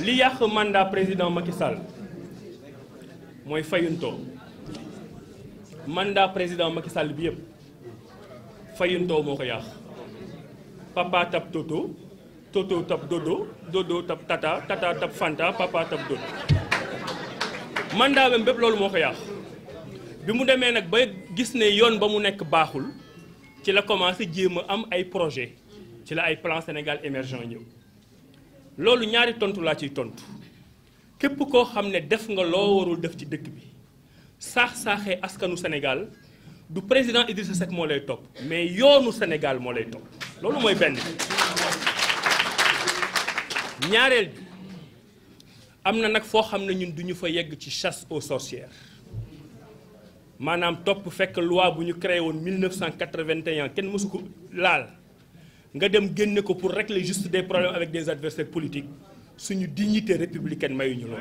li le mandat président Macky Sall Fayunto. Le mandat président Macky Sall bi yëpp papa tape toto toto tape dodo dodo tape tata tata tape fanta papa tape dodo mandat bam le loolu moo ko yàq bi mu demee nag ba gis ne yoon ba commencé am ay projet ci la plan Sénégal émergent loolu ñaari tontu laa ciy tontu képp koo xam ne def nga loo warul def ci dëkk bi saax-saaxee askanu Sénégal du président Idrissa Seck moo lay topp mais yoonu Sénégal moo lay topp loolu mooy benn ñaareel bi am na nag foo xam ne ñun duñu fa yegg ci chasse aux sorcières maanaam topp fekk loi bu ñu créé woon 1981 kenn mosu ko laal nga dem génne ko pour régler juste des problèmes avec des adversaires politiques c'est une dignité républicaine mayuñu